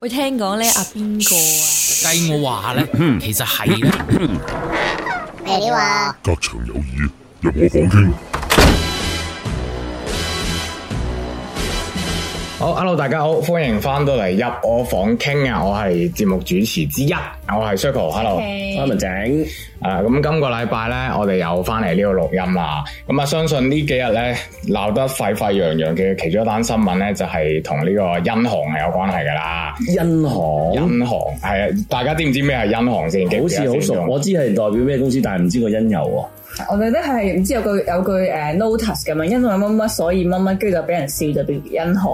喂，聽講咧，阿邊個啊？計我話咧，其實係。你 話隔牆有耳，任我講聽。好，hello，大家好，歡迎翻到嚟入我房傾啊！我係節目主持之一，我係 Circle，hello，文井啊！咁今個禮拜咧，我哋又翻嚟呢個錄音啦。咁、嗯、啊，相信幾呢幾日咧鬧得沸沸揚揚嘅其中一單新聞咧，就係同呢個因行係有關係噶啦。因行，因行係啊！大家知唔知咩係因行先？記唔記得，好似好熟，中我知係代表咩公司，但係唔知個因由啊。我哋咧係唔知有句有句誒、呃、notice 咁啊，因為乜乜所以乜乜，跟住就俾人笑就變「因航」。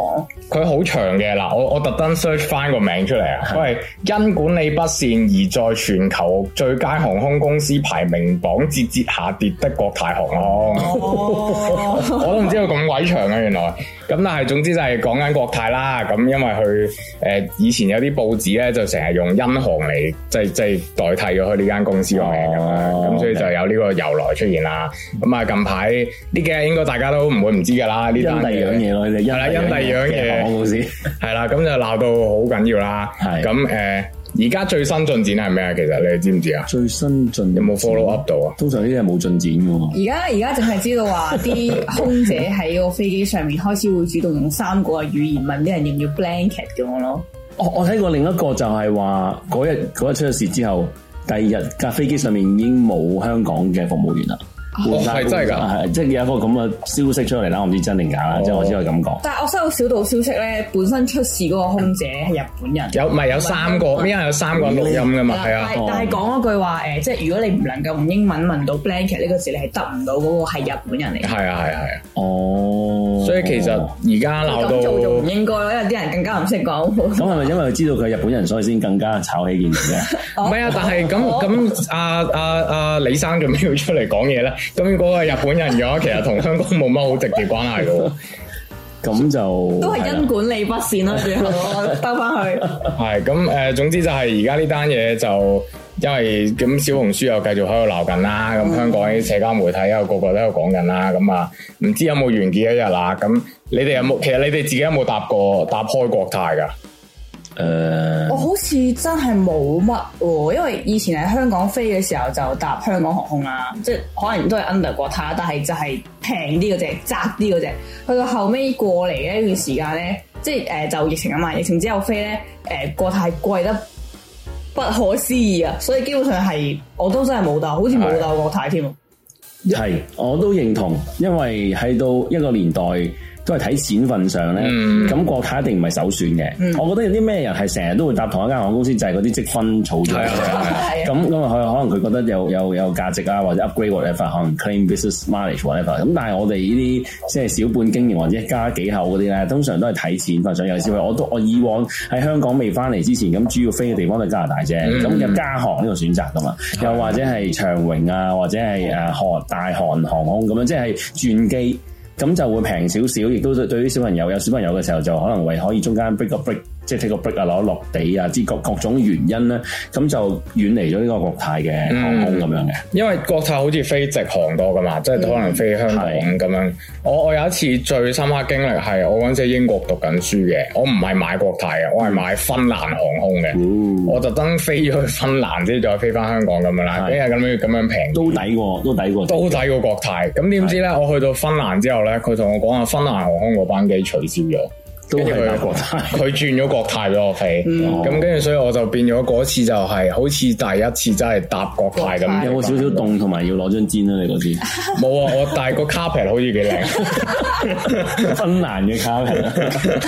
佢好長嘅嗱，我我特登 search 翻個名出嚟啊，佢係是的 因，因管理不善而在全球最佳航空公司排名榜節節下跌的國泰航空。Oh、 我都唔知佢咁鬼長啊，原來咁。但係總之就係講緊國泰啦。咁因為佢誒、呃、以前有啲報紙咧，就成日用「因航」嚟即即代替咗佢呢間公司個名咁，咁、oh、所以就有呢個由來。出現啦，咁啊近排呢幾日應該大家都唔會唔知噶啦，呢單第二樣嘢咯，陰啦第二樣嘢，我事係啦，咁就鬧到好緊要啦。係咁誒，而家最新進展係咩啊？其實你哋知唔知啊？最新進有冇 follow up 到啊？通常呢啲係冇進展噶。而家而家淨係知道話啲空姐喺個飛機上面開始會主動用三個語言問啲人要唔要 blanket 咁樣咯。我我睇過另一個就係話嗰日嗰日出咗事之後。第二日架飛機上面已經冇香港嘅服務員啦。係真係噶，係即係有一個咁嘅消息出嚟啦，我唔知真定假啦，即係我只可以咁講。但係我收到小道消息咧，本身出事嗰個空姐係日本人。有，唔係有三個，因為有三個錄音噶嘛，係啊。但係講嗰句話，誒，即係如果你唔能夠用英文問到 blank，呢個字，你係得唔到嗰個係日本人嚟。係啊，係啊，係啊。哦，所以其實而家鬧到做唔應該，因為啲人更加唔識講。咁係咪因為知道佢係日本人，所以先更加炒起件事咧？唔係啊，但係咁咁，阿阿阿李生做咩要出嚟講嘢咧？咁如果係日本人嘅話，其實同香港冇乜好直接關係嘅喎 就。咁就都係因管理不善啦、啊。最後兜翻去。係咁誒，總之就係而家呢單嘢就因為咁，小紅書又繼續喺度鬧緊啦。咁、嗯、香港啲社交媒體又個個都喺度講緊啦。咁啊，唔知有冇完結一日啦？咁你哋有冇？其實你哋自己有冇搭過搭開國泰㗎？誒，uh, 我好似真係冇乜喎，因為以前喺香港飛嘅時候就搭香港航空啦、啊，即係可能都係 under 國泰，但係就係平啲嗰隻，窄啲嗰隻。去到後尾過嚟嘅一段時間咧，即係誒、呃、就疫情啊嘛，疫情之後飛咧，誒、呃、國泰貴得不可思議啊，所以基本上係我都真係冇搭，好似冇搭國泰添的。係、嗯，我都認同，因為喺到一個年代。都係睇錢份上咧，咁國泰一定唔係首選嘅。嗯、我覺得有啲咩人係成日都會搭同一間航空公司，就係嗰啲積分儲咗嘅。咁咁佢可能佢覺得有有有價值啊，或者 upgrade whatever 可能 claim business mileage whatever 咁，但係我哋呢啲即係小本經營或者加、就是、家幾口嗰啲咧，通常都係睇錢份上。尤其是我，我都我以往喺香港未翻嚟之前，咁主要飛嘅地方都係加拿大啫。咁有加航呢個選擇噶嘛？又、嗯、或者係長榮啊，或者係誒韓大韓航，航空咁樣，即係轉機。咁就會平少少，亦都對對於小朋友有小朋友嘅時候，就可能為可以中間 break 個 break。即係 take 個 break 啊，落，落落地啊，即各各種原因咧，咁就遠離咗呢個國泰嘅航空咁樣嘅、嗯。因為國泰好似飛直航多噶嘛，即係可能飛香港咁樣。嗯、我我有一次最深刻經歷係我嗰陣時喺英國讀緊書嘅，我唔係買國泰嘅，我係買芬蘭航空嘅。哦、我特登飛咗去芬蘭，之後再飛翻香港咁樣啦，因為咁樣咁樣平。都抵過，都抵過。都抵過國泰。咁點知咧，我去到芬蘭之後咧，佢同我講啊，芬蘭航空個班機取消咗。都係國泰，佢轉咗國泰俾我飛，咁跟住所以我就變咗嗰次就係、是、好似第一次真係搭國泰咁泰。有冇少少凍同埋要攞張氈啦？你嗰次冇啊！我帶個 carpet 好似幾靚，芬蘭嘅 carpet。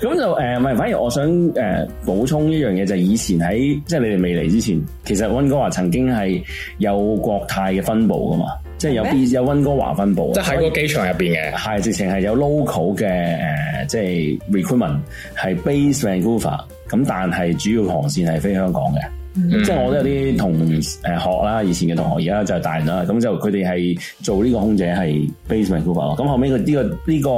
咁就誒，唔係，反而我想誒、呃、補充一樣嘢，就係、是、以前喺即係你哋未嚟之前，其實温哥華曾經係有國泰嘅分部噶嘛。即係有啲有溫哥華分部，即係喺個機場入邊嘅，係直情係有 local 嘅誒、呃，即係 recruitment 係 based in Vancouver，咁但係主要航線係飛香港嘅。Mm hmm. 即係我都有啲同誒學啦，以前嘅同學，而家就大人啦。咁就佢哋係做呢個空姐係 Base Vancouver 咯。咁後尾佢呢個呢、呢個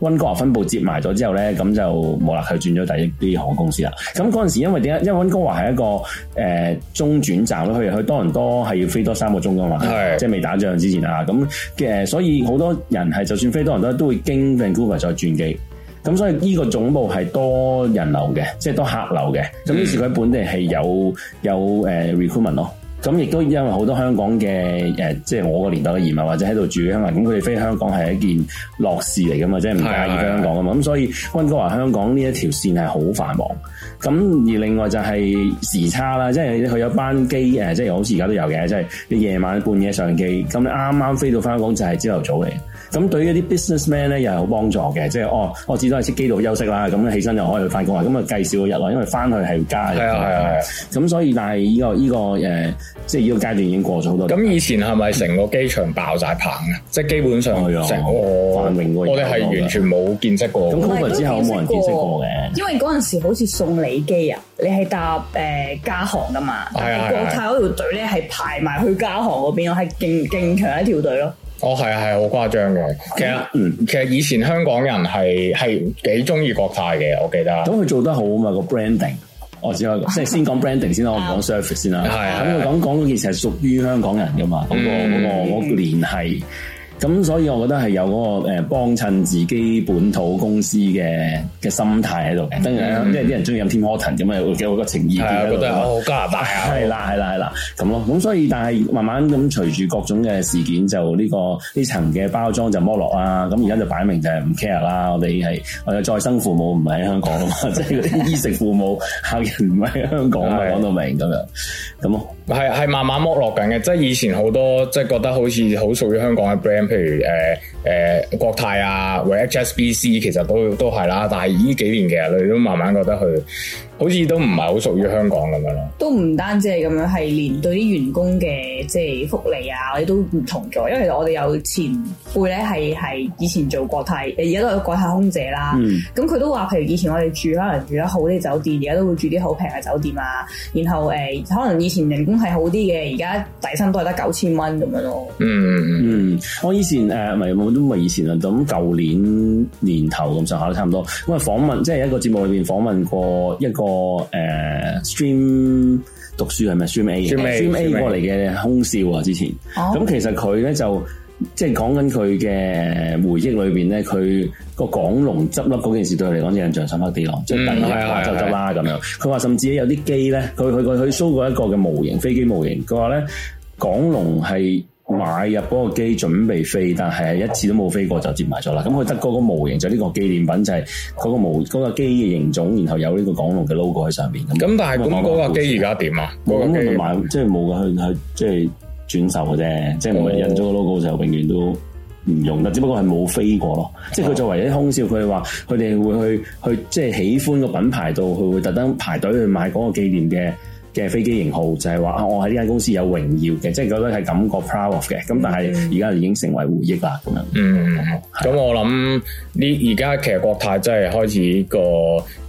温哥華分部接埋咗之後咧，咁就冇啦啦佢轉咗第一啲航空公司啦。咁嗰陣時因為點解？因為温哥華係一個誒、呃、中轉站咯，佢佢去多倫多係要飛多三個鐘噶嘛，係是即係未打仗之前啊。咁嘅所以好多人係就算飛多倫多都會經 Vancouver 再轉機。咁所以呢個總部係多人流嘅，即係多客流嘅。咁、嗯、於是佢喺本地係有有誒、呃、recruitment 咯。咁亦都因為好多香港嘅誒，即係我個年代嘅移民或者喺度住香港，咁佢哋飛香港係一件樂事嚟噶嘛，即係唔介意飛香港噶嘛。咁的所以温哥華香港呢一條線係好繁忙。咁而另外就係時差啦，即係佢有班機誒，即係好似而家都有嘅，即係你夜晚半夜上機，咁你啱啱飛到返香港就係朝頭早嚟。咁對於啲 businessman 咧又有幫助嘅，即係哦、喔，我至多喺機度休息啦，咁起身就可以去翻工啊，咁啊計少咗日咯，因為翻去係要加日。係係係。咁所以但係依、這個依、這個誒，即係呢個階段已經過咗好多。咁以前係咪成個機場爆晒棚啊？嗯、即係基本上成個、嗯啊、繁榮我哋係完全冇見識過，咁都唔知有冇人見識過嘅。因為嗰陣時好似送你機啊，你係搭誒加航噶嘛？係係係。國泰嗰條隊咧係排埋去加航嗰邊咯，係勁勁長一條隊咯。哦，係啊，係好誇張嘅。其實，其實以前香港人係係幾中意國泰嘅，我記得。咁佢、嗯嗯、做得好啊嘛，個 branding。我先，即係先講 branding，先啦，我唔講 service 先啦。係啊。咁佢講講其實係屬於香港人噶嘛，嗰個嗰個個聯繫。嗯嗯咁所以我覺得係有嗰個誒幫襯自己本土公司嘅嘅心態喺度，當然啦，因為啲人中意飲 Tim Hortons 咁啊，會幾好個情意結、嗯，覺得好加拿大啊，係啦係啦係啦咁咯。咁所以但係慢慢咁隨住各種嘅事件，就呢、呢個呢層嘅包裝就剝落啦。咁而家就擺明就係唔 care 啦。我哋係我哋再生父母唔喺香港啊嘛，即係啲衣食父母客人唔喺香港啊嘛，講 的到明咁樣咁咯。係係慢慢剝落緊嘅，即係以前好多即係覺得好似好屬於香港嘅 brand。譬如誒誒、呃呃、國泰啊，或者 H S B C 其實都都係啦，但係呢幾年其實你都慢慢覺得佢。好似都唔係好屬於香港咁樣咯，都唔單止係咁樣，係連對啲員工嘅即係福利啊，我哋都唔同咗。因為其實我哋有前輩咧，係係以前做國泰，而家都係國泰空姐啦。咁佢、嗯、都話，譬如以前我哋住可能住得好啲酒店，而家都會住啲好平嘅酒店啊。然後誒、呃，可能以前人工係好啲嘅，而家底薪都係得九千蚊咁樣咯。嗯嗯嗯，我以前誒，唔、呃、係都唔係以前啦，咁舊年年頭咁上下都差唔多。咁啊，訪問即係、就是、一個節目裏邊訪問過一個。個誒、呃、stream 讀書係咪 stream A？stream A, stream A 過嚟嘅空少啊，之前咁、oh? 其實佢咧就即係講緊佢嘅回憶裏邊咧，佢個港龍執笠嗰件事對佢嚟講印象深刻啲咯，即係第一刻就執啦咁樣。佢話甚至有啲機咧，佢佢佢佢 show 過一個嘅模型飛機模型，佢話咧港龍係。買入嗰個機準備飛，但係一次都冇飛過就接埋咗啦。咁佢得嗰個模型就呢、是、個紀念品，就係、是、嗰個模嗰個機嘅形種，然後有呢個港龍嘅 logo 喺上面。咁、嗯嗯、但係咁嗰個機而家點啊？冇個機賣，即係冇去佢佢即係轉售嘅啫，即係唔印咗個 logo 就永遠都唔用啦。只不過係冇飛過咯。即係佢作為一啲空少，佢哋話佢哋會去會去即係、就是、喜歡個品牌度，佢會特登排隊去買嗰個紀念嘅。嘅飛機型號就係話、啊，我喺呢間公司有榮耀嘅，即係覺得係感覺 proud of 嘅、嗯。咁但係而家已經成為回憶啦，咁樣、嗯。嗯咁、啊、我諗呢而家其實國泰真係開始個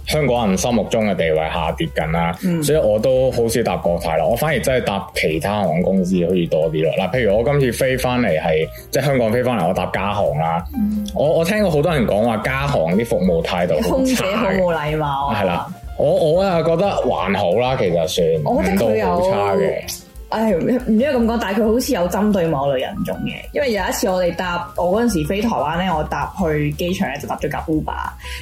香港人心目中嘅地位下跌緊啦，嗯、所以我都好少搭國泰咯。我反而真係搭其他航空公司好似多啲咯。嗱，譬如我今次飛翻嚟係即係香港飛翻嚟，我搭加航啦。嗯、我我聽過好多人講話加航啲服務態度差，空姐好冇禮貌，係 啦。我我又覺得還好啦，其實算，我覺得佢有差嘅。唉，唔知該咁講，但係佢好似有針對某類人種嘅。因為有一次我哋搭，我嗰陣時飛台灣咧，我搭去機場咧就搭咗架 Uber。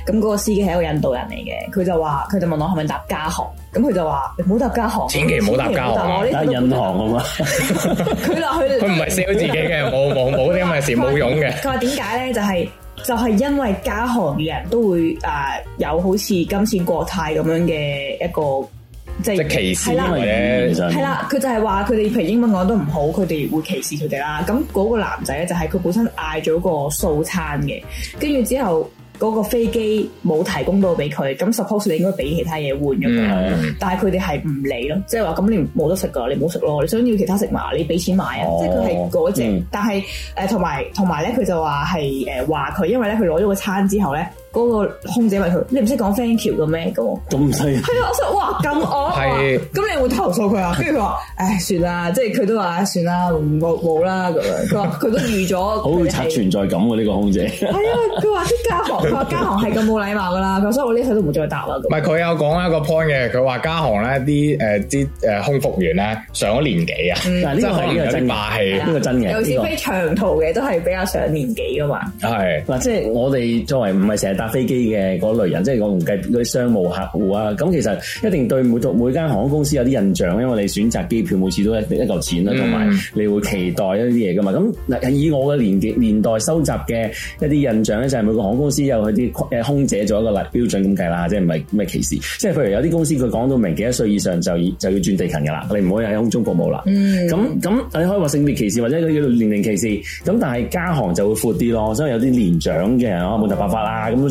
咁嗰個司機係一個印度人嚟嘅，佢就話，佢就問我係咪搭加航。咁佢就話：唔好搭加航，千祈唔好搭加航，搭行、啊啊、印航啊嘛。佢話佢，佢唔係笑自己嘅，冇冇冇啲咩事，冇用嘅。佢話點解咧？就係、是。就係因為加航嘅人都會誒、呃、有好似今次國泰咁樣嘅一個、就係、即係歧視嘅，係啦，佢想、嗯、就係話佢哋譬如英文講得唔好，佢哋會歧視佢哋啦。咁、那、嗰個男仔咧就係、是、佢本身嗌咗個素餐嘅，跟住之後。嗰個飛機冇提供到俾佢，咁 suppose 你應該俾其他嘢換咗佢，mm. 但係佢哋係唔理咯，即係話咁你冇得食噶，你唔好食咯。你想要其他食物，你俾錢買啊，oh. 即係佢係嗰隻。Mm. 但係誒同埋同埋咧，佢、呃、就話係誒話佢，呃、因為咧佢攞咗個餐之後咧。嗰個空姐問佢：你唔識講 thank you 嘅咩？咁，咁細係啊！ 是的 我話哇咁惡啊！咁你會投訴佢啊？跟住佢話：唉、哎，算啦，即係佢都話算啦，冇冇啦咁樣。佢話佢都預咗，好會刷存在感喎！呢個空姐係 啊！佢話啲家航，佢話家航係咁冇禮貌噶啦。咁所以我呢一刻都唔再答啦。唔係佢有講一個 point 嘅，佢話家航咧啲誒啲誒空服員咧上咗年紀啊！即係可能有啲係呢個是真嘅，有時飛長途嘅都係比較上年紀噶嘛。係嗱、啊，即係我哋作為唔係成，搭飛機嘅嗰類人，即係我唔計嗰啲商務客戶啊。咁其實一定對每每間航空公司有啲印象，因為你選擇機票每次都一一嚿錢啦，同埋、嗯、你會期待一啲嘢㗎嘛。咁嗱，以我嘅年紀年代收集嘅一啲印象咧，就係、是、每個航空公司有佢啲空姐做一個例標準咁計啦，即係唔係咩歧視？即係譬如有啲公司佢講到明幾多歲以上就要就要轉地勤㗎啦，你唔可以喺空中服務啦。咁咁、嗯、你可以話性別歧視或者叫年齡歧視。咁但係家行就會闊啲咯，所以有啲年長嘅啊，滿、哦、頭白髮啊咁。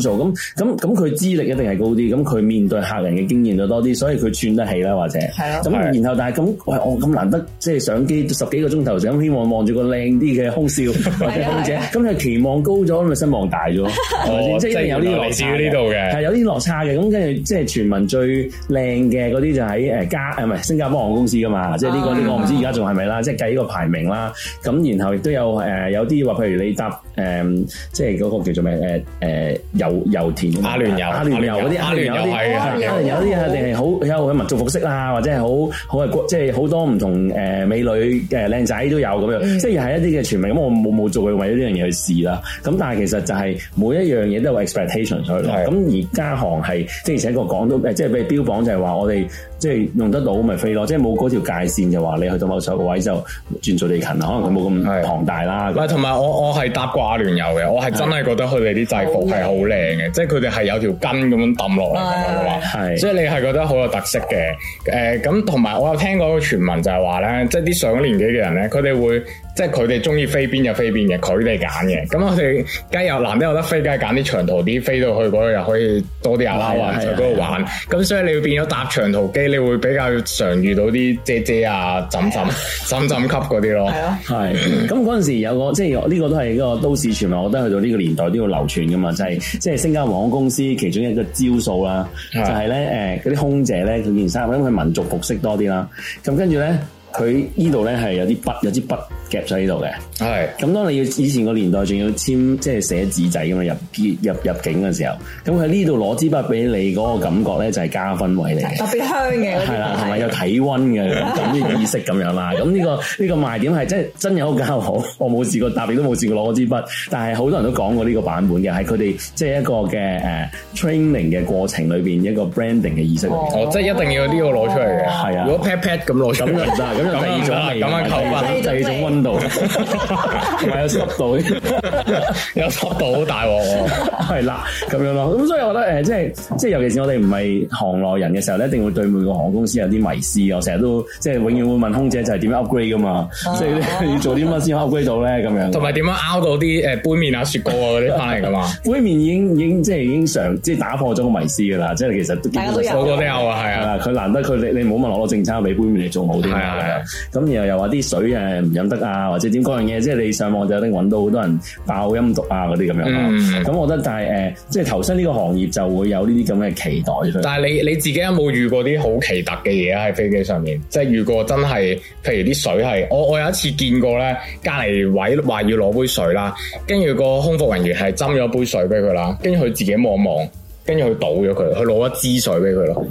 咁咁咁佢資歷一定係高啲，咁佢面對客人嘅經驗就多啲，所以佢串得起啦，或者係咯。咁然後但係咁，喂我咁難得即係上機十幾個鐘頭，就咁希望望住個靚啲嘅空少或者空姐，咁就期望高咗，咁咪失望大咗，係咪先？即係有啲個嚟自於呢度嘅，係有啲落差嘅。咁跟住即係全民最靚嘅嗰啲就喺誒加啊，唔係新加坡航空公司噶嘛，即係呢個呢個我唔知而家仲係咪啦，即係計呢個排名啦。咁然後亦都有誒有啲話，譬如你搭。誒、嗯，即係嗰個叫做咩？誒、呃、誒，油油田阿聯酋、阿聯酋嗰啲，阿聯酋係啊，阿聯酋嗰啲啊，定係好，好有民族服飾啦，或者係好好即係好多唔同誒美女誒靚仔都有咁樣，即係一啲嘅傳聞。咁我冇冇做，為咗呢樣嘢去試啦。咁但係其實就係每一樣嘢都有 expectation 所以的，咁而家行係、就是、即係寫個廣東即係俾你標榜就係話我哋即係用得到咪飛咯，即係冇嗰條界線就話你去到某個位就轉做地勤可能冇咁龐大啦。同埋我我係搭過。花蓮遊嘅，我係真係覺得佢哋啲制服係好靚的嘅，即係佢哋係有條筋咁樣抌落嚟嘅話，係，即 係吧你係覺得好有特色嘅。誒、呃，咁同埋我有聽過個傳聞就，就係話咧，即係啲上咗年紀嘅人咧，佢哋會。即係佢哋中意飛邊就飛邊嘅，佢哋揀嘅。咁我哋雞又難得有得飛，梗係揀啲長途啲，飛到去嗰度又可以多啲人啦，或者嗰度玩。咁、啊啊啊啊、所以你會變咗搭長途機，你會比較常遇到啲遮遮啊、枕枕枕枕級嗰啲咯。係啊，係。咁嗰陣時有個即係呢個都係嗰個都市傳聞，我覺得去到呢個年代都要流傳噶嘛，就係、是、即係新加坡公司其中一個招數啦，啊、就係咧，誒，嗰啲空姐咧，佢件衫，因為佢民族服飾多啲啦。咁跟住咧。佢呢度咧係有啲筆，有支筆夾咗呢度嘅。係。咁當你要以前個年代仲要簽，即係寫紙仔咁樣入入入境嘅時候，咁佢喺呢度攞支筆俾你嗰個感覺咧就係加分位嚟嘅。特別香嘅。係啦，係咪有體温嘅咁嘅意識咁樣啦？咁呢個呢個賣點係即係真有教好。我冇試過特別都冇試過攞支筆，但係好多人都講過呢個版本嘅，係佢哋即係一個嘅誒 training 嘅過程裏邊一個 branding 嘅意識。哦，即係一定要呢個攞出嚟嘅。係啊，如果 pat pat 咁攞出嚟。咁樣係第二種係，第二種温度，同埋有濕度，有濕度好大喎，係啦，咁樣咯。咁所以我覺得誒，即係即係，尤其是我哋唔係行內人嘅時候咧，一定會對每個航空公司有啲迷思。我成日都即係永遠會問空姐就係點樣 upgrade 嘅嘛，即係要做啲乜先 upgrade 到咧咁樣。同埋點樣 out 到啲誒杯麪啊、雪糕啊嗰啲翻嚟嘅嘛？杯麪已經已經即係已經常即係打破咗個迷思嘅啦。即係其實都個個都有啊，係啊，佢難得佢你你唔好問我攞正餐俾杯麪你仲好啲。咁、嗯、然後又話啲水誒唔飲得啊，或者點樣嘢，嗯、即係你上網就一定揾到好多人爆陰毒啊嗰啲咁樣咁、嗯、我覺得，但係誒、呃，即係投身呢個行業就會有呢啲咁嘅期待。但係你你自己有冇遇過啲好奇特嘅嘢喺飛機上面？即係遇過真係，譬如啲水係我我有一次見過咧，隔離位話要攞杯水啦，跟住個空服人員係斟咗杯水俾佢啦，跟住佢自己望望，跟住佢倒咗佢，佢攞一支水俾佢咯。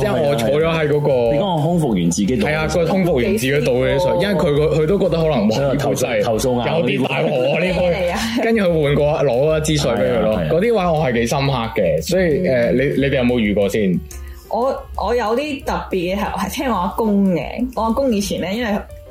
即係我坐咗喺嗰個，你講我空服完自己倒對。係啊，佢空服完自己倒嘅啲水，因為佢佢都覺得可能冇投投訴啊，有啲大鑊呢啲嘢。跟住佢換過攞一支水俾佢咯。嗰啲位我係幾深刻嘅，所以誒、嗯，你你哋有冇遇過先？我我有啲特別係，係聽我阿公嘅。我阿公以前咧，因為。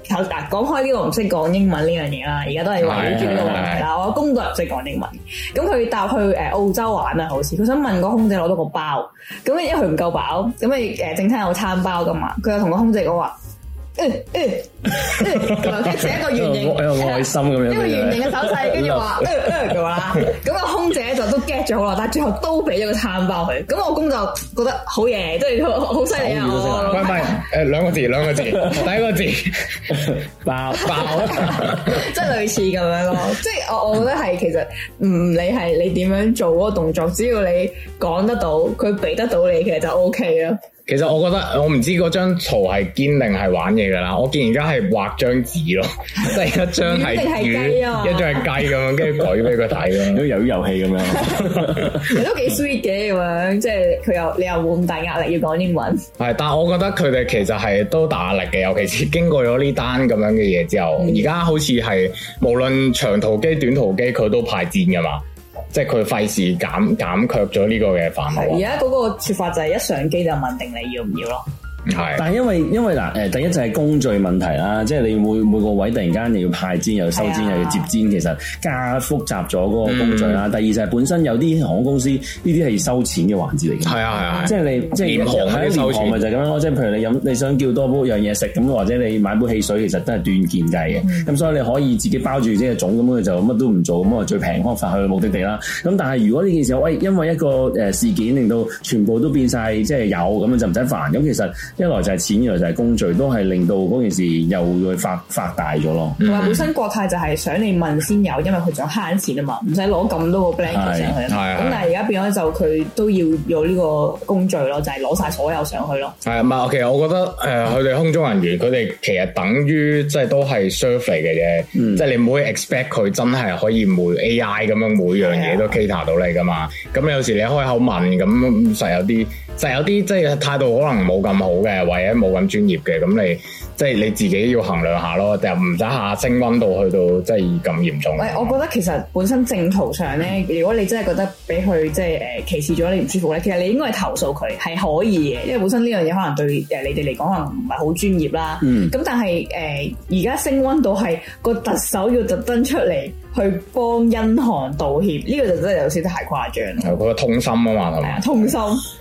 嗱，講開呢個唔識講英文呢樣嘢啦，而家都係話呢個問題啦。我阿公都係唔識講英文，咁佢搭去誒澳洲玩啊，好似佢想問個空姐攞到個包，咁因為佢唔夠飽，咁咪誒正餐有餐包噶嘛，佢又同個空姐講話。嗯嗯，然後跟住一個圓形，愛心咁樣，一個圓形嘅手勢，跟住話，嗯嗯，咁啦，咁個空姐就都 get 咗好啦，但係最後都俾咗個餐包佢，咁我公就覺得好嘢，即係好犀利啊！拜拜，誒，兩個字，兩個字，第一個字爆爆，即係類似咁樣咯，即係我我覺得係其實唔理係你點樣做嗰個動作，只要你講得到，佢俾得到你，其實就 O K 咯。其實我覺得我唔知嗰張圖係堅定係玩嘢噶啦，我見而家係畫張紙咯，即係一張係魚， 雞啊，一張係雞咁樣，跟住舉俾佢睇咯， 都游遊戲咁樣，都幾 sweet 嘅咁樣，即係佢又你又冇咁大壓力要講英文。係，但係我覺得佢哋其實係都大壓力嘅，尤其是經過咗呢單咁樣嘅嘢之後，而家、嗯、好似係無論長途機、短途機，佢都派戰噶嘛。即係佢費事減減卻咗呢個嘅範圍。而家嗰個説法就係一上機就問定你要唔要咯。係，是但係因為因為嗱，誒，第一就係工序問題啦，即係你每每個位突然間你要派煎，又要收煎，的啊、又要接煎，其實加複雜咗嗰個工序啦。嗯、第二就係本身有啲航空公司呢啲係收錢嘅環節嚟嘅。係的啊，係的啊，即，即係你即係航空喺航空咪就係咁樣咯，即係譬如你飲你想叫多煲樣嘢食，咁、嗯、或者你買杯汽水，其實都係斷件計嘅。咁、嗯、所以你可以自己包住啲嘅種，咁佢就乜都唔做，咁啊最平方法去目的地啦。咁但係如果呢件事，喂，因為一個誒事件令到全部都變晒，即係有咁啊就唔使煩。咁其實。一來就係錢，一來就係工序，都係令到嗰件事又會發發大咗咯。同埋本身國泰就係想你問先有，因為佢仲慳錢啊嘛，唔使攞咁多個 blanket 上去。係啊，咁但係而家變咗就佢都要有呢個工序咯，就係攞晒所有上去咯。係啊，唔係，其實我覺得誒，佢、呃、哋空中人員佢哋其實等於即係都係 serve 嘅啫，即係、嗯、你唔會 expect 佢真係可以每 AI 咁樣每樣嘢都 cater 到你噶嘛。咁的有時你開口問咁實有啲。就有啲即係態度可能冇咁好嘅，或者冇咁專業嘅，咁你即係你自己要衡量下咯。就唔使下升溫度去到即係咁嚴重。我喂吧我覺得其實本身正途上咧，如果你真係覺得俾佢即係誒、呃、歧視咗你唔舒服咧，其實你應該係投訴佢係可以嘅，因為本身呢樣嘢可能對誒你哋嚟講可能唔係好專業啦。咁、嗯、但係誒而家升溫度係個特首要特登出嚟去幫英韓道歉，呢、這個就真係有少少太誇張啦。佢個、嗯、痛心啊嘛，係咪啊？痛心。嗯嗯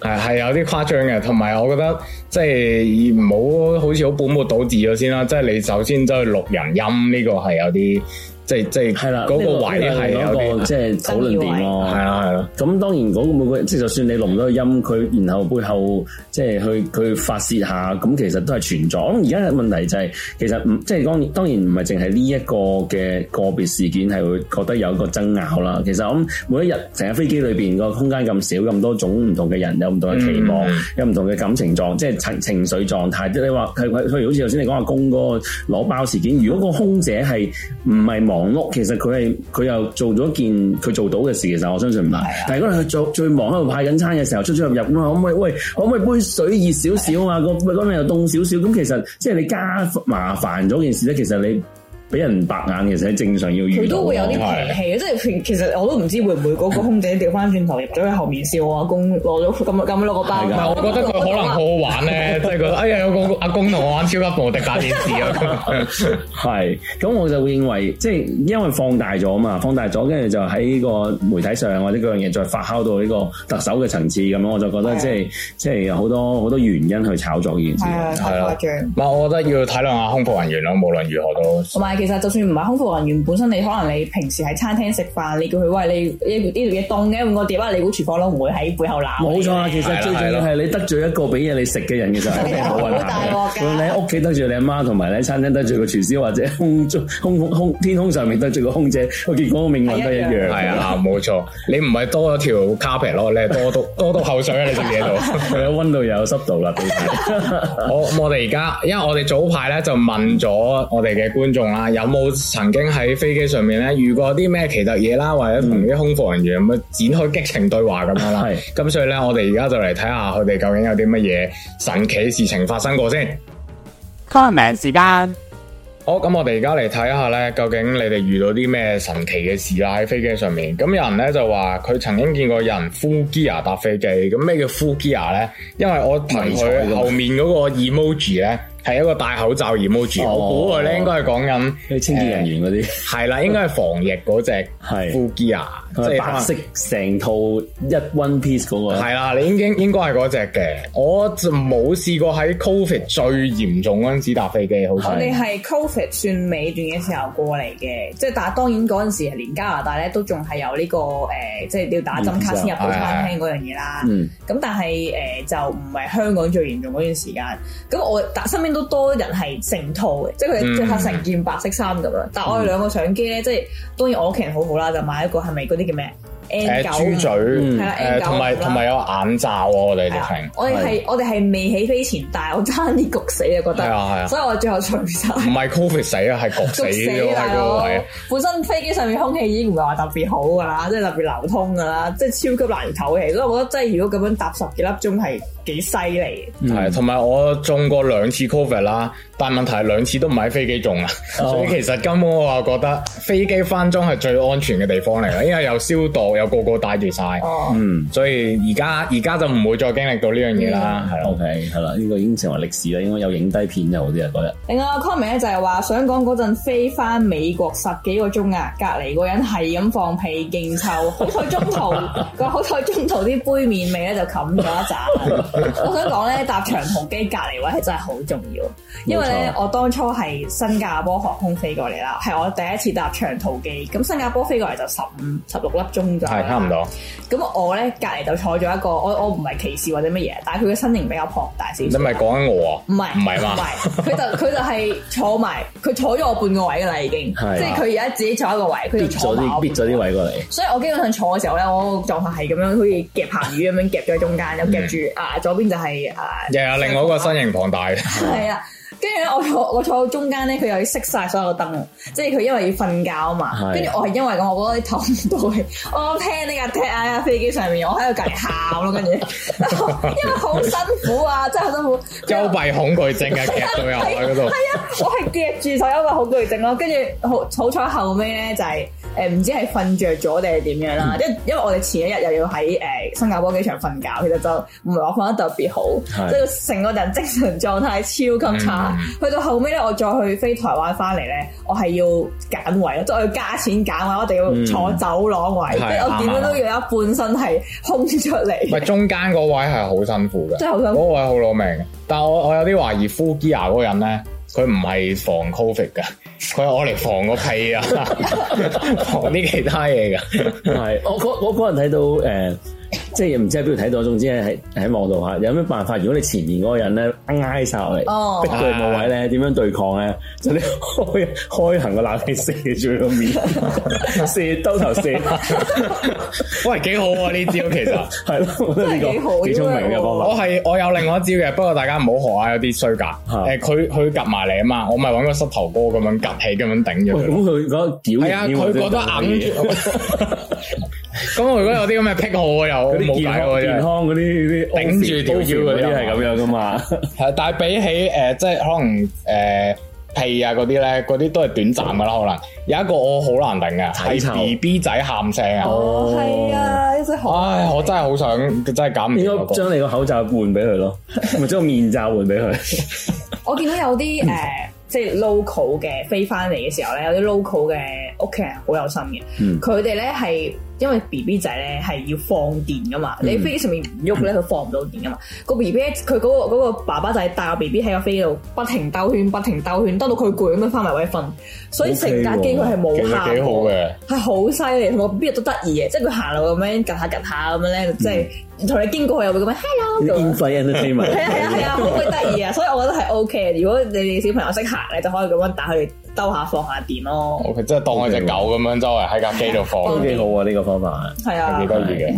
係係有啲誇張嘅，同埋我覺得即係唔好好似好本末倒置咗先啦。即係你首先走去錄人音呢個係有啲即係即係係啦，嗰個懷疑係有啲即係討論點咯。係啊係啊。咁當然嗰個每個即係就算你錄咗個音，佢然後背後即係去去發泄下，咁其實都係存在。咁而家嘅問題就係其實唔即係當然當然唔係淨係呢一個嘅個別事件係會覺得有一個爭拗啦。其實我每一日成架飛機裏邊個空間咁少咁多種唔同嘅人，有唔同嘅期望，嗯、有唔同嘅感情狀，即係情情緒狀態。即係、嗯、你話譬如好似頭先你講阿公嗰個攞包事件。嗯、如果個空姐係唔係忙碌，其實佢係佢又做咗件佢做到嘅事。其實我相信唔係。嗯、但係如果你去做最忙喺度派緊餐嘅時候，出出入入咁啊、哎，可唔可以喂？可唔可以杯水熱少少啊？個咪嗰邊又凍少少。咁其實即係你加麻煩咗件事咧。其實你。俾人白眼其實係正常要預料，佢都會有啲脾氣，氣，的即係其實我都唔知會唔會嗰個空姐掉翻轉頭入咗去後面笑我阿公攞咗咁咁落個包。唔係的，後我覺得佢可能好好玩咧，即係 覺得哎呀，有個阿公同我玩超級無敵大電視啊！係咁， 我就會認為即係因為放大咗嘛，放大咗，跟住就喺個媒體上或者嗰樣嘢再發酵到呢個特首嘅層次咁樣，我就覺得即係的即係好多好多原因去炒作呢件事，係太誇張。的我覺得要體諒下空服人員咯，無論如何都其實就算唔係空服人員，本身你可能你平時喺餐廳食飯，你叫佢餵你呢呢條嘢凍嘅，換個碟啊！你估廚房佬唔會喺背後鬧？冇錯啊！其實最重要係你得罪一個俾嘢你食嘅人嘅時候，冇問題。大鑊㗎！你喺屋企得罪你阿媽，同埋你喺餐廳得罪個廚師，或者空中空空天空上面得罪個空姐，個結果命運都一樣。係啊，冇錯。你唔係多咗條 carpet 咯，你係多多多到口水啊！你食嘢度有溫度又有濕度啦，都係。好，咁，我哋而家因為我哋早排咧就問咗我哋嘅觀眾啦。有冇曾經喺飛機上面咧遇過啲咩奇特嘢啦，或者同啲空服人員咪、嗯、展開激情對話咁樣啦？咁、啊、所以咧，我哋而家就嚟睇下佢哋究竟有啲乜嘢神奇事情發生過先。comment 時間，好，咁我哋而家嚟睇下咧，究竟你哋遇到啲咩神奇嘅事啦？喺飛機上面，咁有人咧就話佢曾經見過有人呼機啊搭飛機，咁咩叫呼機啊咧？因為我睇佢後面嗰個 emoji 咧。係一個戴口罩 emoji 我估咧應該係講緊啲清潔人員嗰啲。係啦，應該係防疫嗰隻，係 full gear, 即係白色成套一 one piece 嗰、那個。係啦，你已經應該係嗰隻嘅。我就冇試過喺 Covid 最嚴重嗰陣時搭飛機，好似我哋係 Covid 算尾段嘅時候過嚟嘅，即係但係當然嗰陣時係連加拿大咧都仲係有呢、這個誒、呃，即係要打針卡先入到餐廳嗰樣嘢啦。咁、嗯、但係誒、呃、就唔係香港最嚴重嗰段時間。咁我,我身邊。身都多人係成套嘅，mm. 即係佢著曬成件白色衫咁樣。但係我哋兩個相機咧，mm. 即係當然我屋企人好好啦，就買一個係咪嗰啲叫咩？誒豬嘴，誒同埋同埋有眼罩喎，我哋啲係，我哋係我哋係未起飛前，但係我差啲焗死啊，覺得係啊係啊，所以我最後除曬。唔係 covid 死啊，係焗死咯，係嗰個位。本身飛機上面空氣已經唔係話特別好㗎喇，即係特別流通㗎喇，即係超級難唞氣。所以我覺得即係如果咁樣搭十幾粒鐘係幾犀利。係同埋我中過兩次 covid 啦，但係問題係兩次都唔喺飛機中啊，所以其實根本我又覺得飛機翻中係最安全嘅地方嚟啦，因為有消毒。有個個帶住晒，oh. 嗯，所以而家而家就唔會再經歷到呢樣嘢啦。Yeah. 了 OK，係啦，呢、呢個已經成為歷史啦。應該有影低片就好啲啊，嗰日，另外，comment 咧就係話想講嗰陣飛翻美國十幾個鐘啊，隔離個人係咁放屁勁臭， 好彩中途個 好彩中途啲杯麵味咧就冚咗一紮。 我想講咧，搭長途機隔離位係真係好重要，因為咧錯我當初係新加坡航空飛過嚟啦，係我第一次搭長途機，咁新加坡飛過嚟就十五十六粒鐘。係差唔多、嗯，咁我咧隔籬就坐咗一個，我我唔係歧視或者乜嘢，但係佢嘅身形比較龐大少少。你咪講緊我啊？唔係唔係嘛？唔係佢就佢就係坐埋，佢坐咗我半個位噶啦，已經。 即係佢而家自己坐一個位，佢就坐咗啲闢咗啲位過嚟。所以，我基本上坐嘅時候咧，我個狀態係咁樣，好似夾鹹魚咁樣夾咗喺中間，又夾住啊左邊就係啊。又有另外一個身形龐大。係 啊。跟住我,我坐我坐喺中間咧，佢又要熄晒所有嘅燈即係佢因為要瞓覺啊嘛。跟住是我係因為我我覺得頭唔到氣我聽呢個聽啊飛機上面我喺度隔籬喊咯，跟住 因為好辛苦啊，真係好辛苦。幽閉恐懼症嘅夾住喺嗰度，係 啊，我係夾住咗幽閉恐懼症咯。跟住好好彩後尾咧就係誒唔知係瞓着咗定係點樣啦？因為、就是呃嗯、因為我哋前一日又要喺誒、呃、新加坡機場瞓覺，其實就唔係我瞓得特別好，即係成個人精神狀態超級差。 嗯去到後尾咧，我再去飛台灣翻嚟咧，我係要揀位咯，即係我要加錢揀位，我一定要坐走廊位，即係我點樣都要有一半身係空出嚟。喂，中間嗰位係好辛苦嘅，真係好辛苦，嗰位好攞命。但係我我有啲懷疑，Fugia 嗰人咧，佢唔係防 Covid 噶，佢係我嚟防個屁啊， 防啲其他嘢噶。係，我嗰我個人睇到誒。呃即係唔知喺邊度睇到，總之喺喺網度吓。有咩辦法？如果你前面嗰個人咧挨晒落嚟，逼佢冇位咧，點樣對抗咧？就你開開行個冷氣射住個面，射兜頭射。喂，幾好啊！呢招其實係咯，呢個幾聰明嘅方法。我係我有另外一招嘅，不過大家唔好學下有啲衰格。誒，佢佢夾埋嚟啊嘛，我咪揾個膝頭哥咁樣夾起，咁樣頂住。咁佢嗰個啊，佢嗰個硬咁如果有啲咁嘅癖好，又冇解，健康嗰啲，頂住條腰嗰啲係咁樣噶嘛？係，但係比起誒，即係可能誒屁啊嗰啲咧，嗰啲都係短暫噶啦。可能有一個我好難頂嘅，係 B B 仔喊聲啊！哦，係啊，真係，唉，我真係好想，真係減唔到。將你個口罩換俾佢咯，咪將個面罩換俾佢。我見到有啲誒，即係 local 嘅飛翻嚟嘅時候咧，有啲 local 嘅屋企人好有心嘅，嗯，佢哋咧係。因為 B B 仔咧係要放電噶嘛，嗯、你喺飛機上面唔喐咧，佢放唔到電噶嘛。嗯、個 B B 佢嗰個、嗰個爸爸仔帶個 B B 喺個飛度不停兜圈、不停兜圈，兜到佢攰咁樣翻埋位瞓。所以成架機佢係冇效，嗯、幾好嘅，係好犀利同埋邊日都得意嘅，即係佢行路咁樣趌下趌下咁樣咧，即係。嗯同你經過佢又會咁樣，hello 咁樣，免係啊係啊好得意啊，所以我覺得係 OK。如果你哋小朋友識行你就可以咁樣打佢兜下、放下電咯。OK，即係當佢隻狗咁樣，周圍喺架機度放，都幾好啊！呢個方法係啊，幾得意嘅。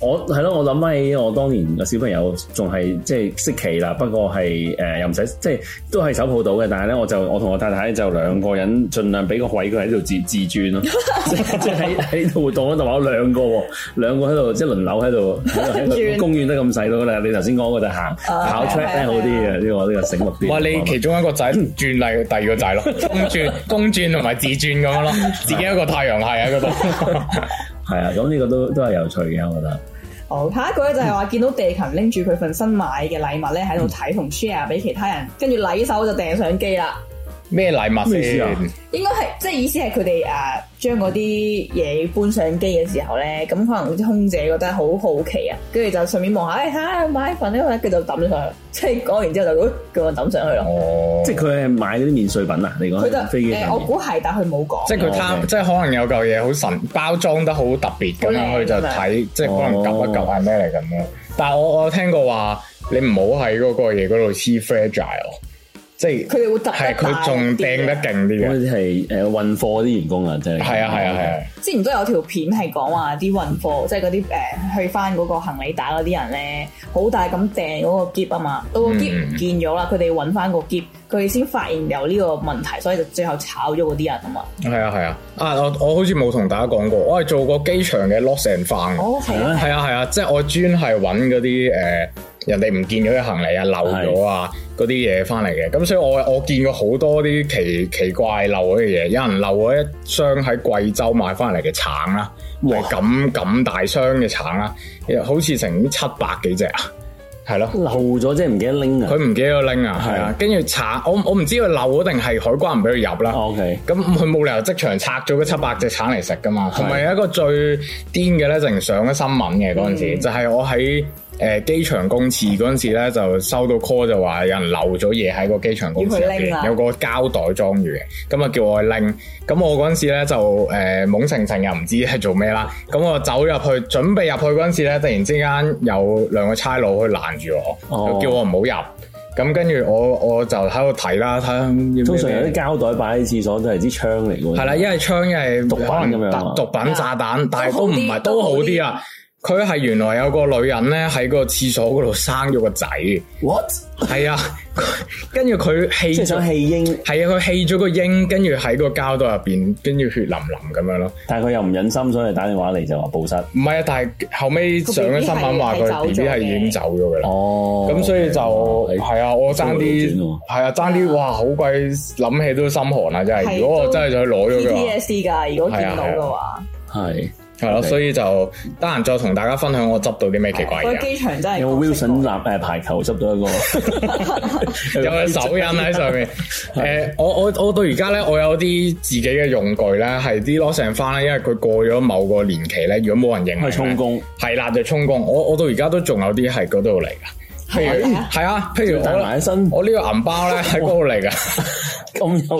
我係咯，我諗翻起我當年個小朋友仲係即係識騎啦，不過係誒又唔使即係都係手抱到嘅，但係咧我就我同我太太就兩個人，儘量俾個位佢喺度自自轉咯，即係喺喺度活當咗就話兩個，兩個喺度即係輪流喺度。公園都咁細到噶啦，你頭先講嗰度行跑出 r 好啲嘅呢個呢、這個醒目啲。喂， 你其中一個仔轉嚟第二個仔咯，公轉 公轉同埋自轉咁樣咯，自己一個太陽系喺嗰度。係、那、啊、個，咁呢 個都都係有趣嘅，我覺得。哦，下一個咧就係話見到地勤拎住佢份新買嘅禮物咧喺度睇同 share 俾其他人，跟住禮手就掟相機啦。咩禮物先啊？應該係即係意思係佢哋誒將嗰啲嘢搬上機嘅時候咧，咁可能啲空姐覺得好好奇啊，跟住就順便望下，嚇買一份呢，佢就抌咗上去。即係講完之後就叫我抌上去咯。哦，即係佢係買嗰啲免稅品啊？你講飛機？我估係，但佢冇講。即係佢貪，即係可能有嚿嘢好神，包裝得好特別咁樣，佢就睇，即係可能撳一撳係咩嚟咁樣。但係我我聽過話，你唔好喺嗰個嘢嗰度黐 fragile。即係佢哋會突然係佢仲掟得勁啲，好似係誒運貨啲員工啊，即係，係啊係啊係啊！啊，之前都有條片係講話啲運貨，即係嗰啲誒去翻嗰個行李打嗰啲人咧，好大咁掟嗰個篋啊嘛，到、嗰個篋唔見咗啦，佢哋揾翻個篋，佢哋先發現有呢個問題，所以就最後炒咗嗰啲人啊嘛。係啊係啊，啊我我好似冇同大家講過，我係做過機場嘅 lost and found。係啊係啊，即係、啊啊啊就是、我專係揾嗰啲誒人哋唔見咗嘅行李啊漏咗啊。嗰啲嘢翻嚟嘅，咁所以我我見過好多啲奇奇怪嘅漏嗰啲嘢，有人漏咗一箱喺貴州買翻嚟嘅橙啦，咁咁哇大箱嘅橙啦，好似成七百幾隻啊，係咯漏咗即係，唔記得拎啊，佢唔記得拎啊，係啊的，跟住橙，我我唔知佢漏咗定係海關唔俾佢入啦，哦，OK，咁佢冇理由即場拆咗嗰七百隻橙嚟食噶嘛，同埋的的有一個最癲嘅咧就係上咗新聞嘅嗰陣時，嗯、就係我喺。誒機場公廁嗰陣時咧，就收到 call 就話有人漏咗嘢喺個機場公廁入邊，有個膠袋裝住嘅，咁啊叫我去拎。咁我嗰陣時咧就誒懵、呃、成成，又唔知係做咩啦。咁我走入去，準備入去嗰陣時咧，突然之間有兩個差佬去攔住我，哦、叫我唔好入。咁跟住我我就喺度睇啦，睇下。通常有啲膠袋擺喺廁所都係支槍嚟㗎。係啦，因為槍係毒品咁樣毒品炸彈，yeah, 但係都唔係都好啲啊。佢係原來有個女人咧喺個廁所嗰度生咗個仔，what 係啊？跟住佢棄咗棄嬰，係啊，佢棄咗個嬰，跟住喺個膠袋入邊，跟住血淋淋咁樣咯。但係佢又唔忍心，所以打電話嚟就話報失。唔係啊，但係後尾上咗新聞話佢 B B 係已經走咗噶啦。哦，咁所以就係啊，我爭啲係啊，爭啲哇，好鬼，諗起都心寒啊！真係，的如果我真係想攞咗嘅 P S C 噶，如果見到嘅話係。係咯， 所以就得閒再同大家分享我執到啲咩奇怪嘢。個機、啊、場真係有 Wilson 立誒排球執到一個， 有個手印喺上面。誒，我我我到而家咧，我有啲自己嘅用具咧，係啲攞成翻咧，因為佢過咗某個年期咧，如果冇人認，係充公。係啦，就充公。我我到而家都仲有啲係嗰度嚟噶。係啊，係啊，譬、 哎、如我身，我個呢個銀包咧喺嗰度嚟噶，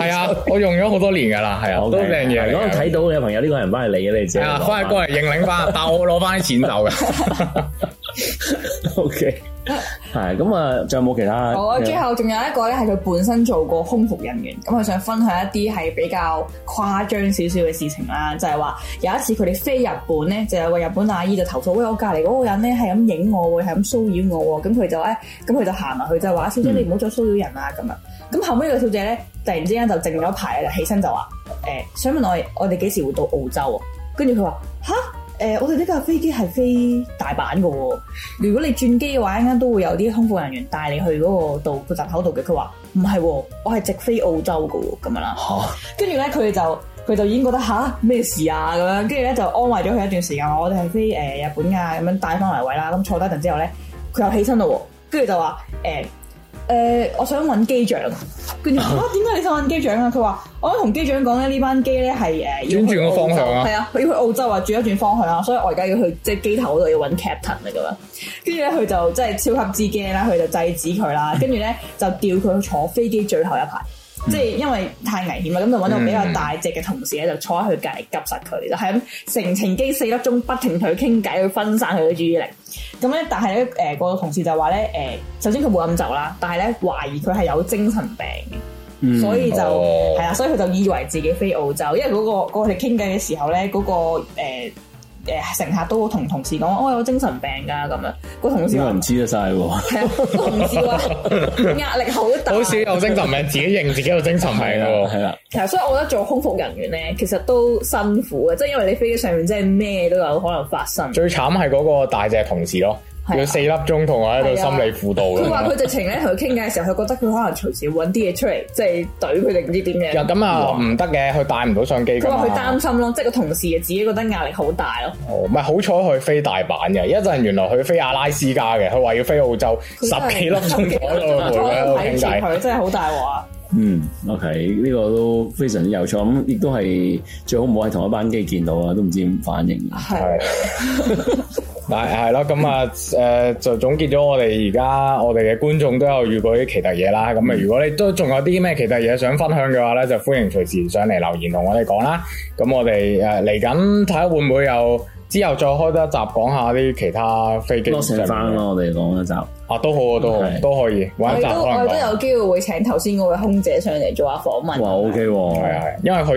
係啊哇，的我用咗好多年噶啦，係啊，好多靚嘢。如果睇到你朋友呢個銀包係你嘅，你即係，翻去過嚟認領翻，但係我攞翻啲錢走嘅。OK。係咁啊，仲 有冇其他？我最後仲有一個咧，係佢本身做過空服人員，咁啊、嗯、想分享一啲係比較誇張少少嘅事情啦，就係、是、話有一次佢哋飛日本咧，就有個日本阿姨就投訴，喂，我隔籬嗰個人咧係咁影我，係咁騷擾我，咁佢就誒，咁佢就行埋去就話：小姐你唔好再騷擾人啦咁樣！咁、嗯、後尾個小姐咧，突然之間就靜咗一排啦，起身就話：誒、欸，想問我我哋幾時會到澳洲啊？跟住佢話：吓！誒、呃，我哋呢架飛機係飛大阪嘅。哦，如果你轉機嘅話，一陣間都會有啲空服人員帶你去嗰個度個閘口度嘅。佢話唔係，我係直飛澳洲嘅。哦，咁樣啦。跟住咧，佢就佢就已經覺得吓咩事啊，咁樣，跟住咧就安慰咗佢一段時間。我哋係飛誒、呃、日本啊，咁樣帶翻嚟位啦。咁坐低一陣之後咧，佢又起身咯，跟住就話誒誒，我想揾機長。跟住啊，點解你想揾機長啊？佢話：我同機長講咧，呢班機咧係誒轉轉個方向啊，係啊，佢要去澳洲啊，轉一轉方向啊，所以我而家要去即係機頭嗰度要揾 Captain 啊，咁樣。跟住咧，佢就即係超級之驚啦，佢就制止佢啦，跟住咧就調佢坐飛機最後一排。即係因為太危險啦，咁就揾到比較大隻嘅同事咧，就坐喺佢隔籬夾實佢，就係咁，成程機四粒鐘不停同佢傾偈，去分散佢嘅注意力。咁咧，但係咧，誒、那，個同事就話咧，誒、呃，首先佢冇飲酒啦，但係咧懷疑佢係有精神病嘅，所以就係啦，所以佢就以為自己飛澳洲，因為嗰、那個嗰、那個佢傾偈嘅時候咧，嗰、那個誒。呃誒乘客都同同事講，我、哦、有精神病㗎咁樣，個同事我唔知啊晒喎，個 同事話壓力好大，好少有精神病， 自己認自己有精神病㗎喎，係啦。嗱，所以我覺得做空服人員咧，其實都辛苦嘅，即係因為你飛機上面真係咩都有可能發生。最慘係嗰個大隻同事咯。要四粒鐘同我喺度心理輔導。佢話佢直情咧，同佢傾偈嘅時候，佢覺得佢可能隨時揾啲嘢出嚟，即係懟佢哋唔知點樣。咁啊，唔得嘅，佢帶唔到相機。佢話佢擔心咯，即係個同事自己覺得壓力好大咯。哦，唔係好彩佢飛大阪嘅，一陣原來佢飛阿拉斯加嘅，佢話要飛澳洲十幾粒鐘喺度同佢傾偈。佢真係好大鑊。嗯，OK，呢個都非常之有趣，咁亦都係最好唔好喺同一班機見到啊，都唔知點反應。係。但係係咯，咁啊， 誒，就總結咗我哋而家我哋嘅觀眾都有遇過啲奇特嘢啦。咁啊，如果你都仲有啲咩奇特嘢想分享嘅話咧，就歡迎隨時上嚟留言同我哋講啦。咁我哋誒嚟緊睇下會唔會有之後再開多一集講下啲其他飛機嘅嘢咯。我哋講一集啊，都好啊，都好，是都可以。一集可我哋都我都有機會會請頭先嗰位空姐上嚟做下訪問。哇，O K，係啊， 因為佢。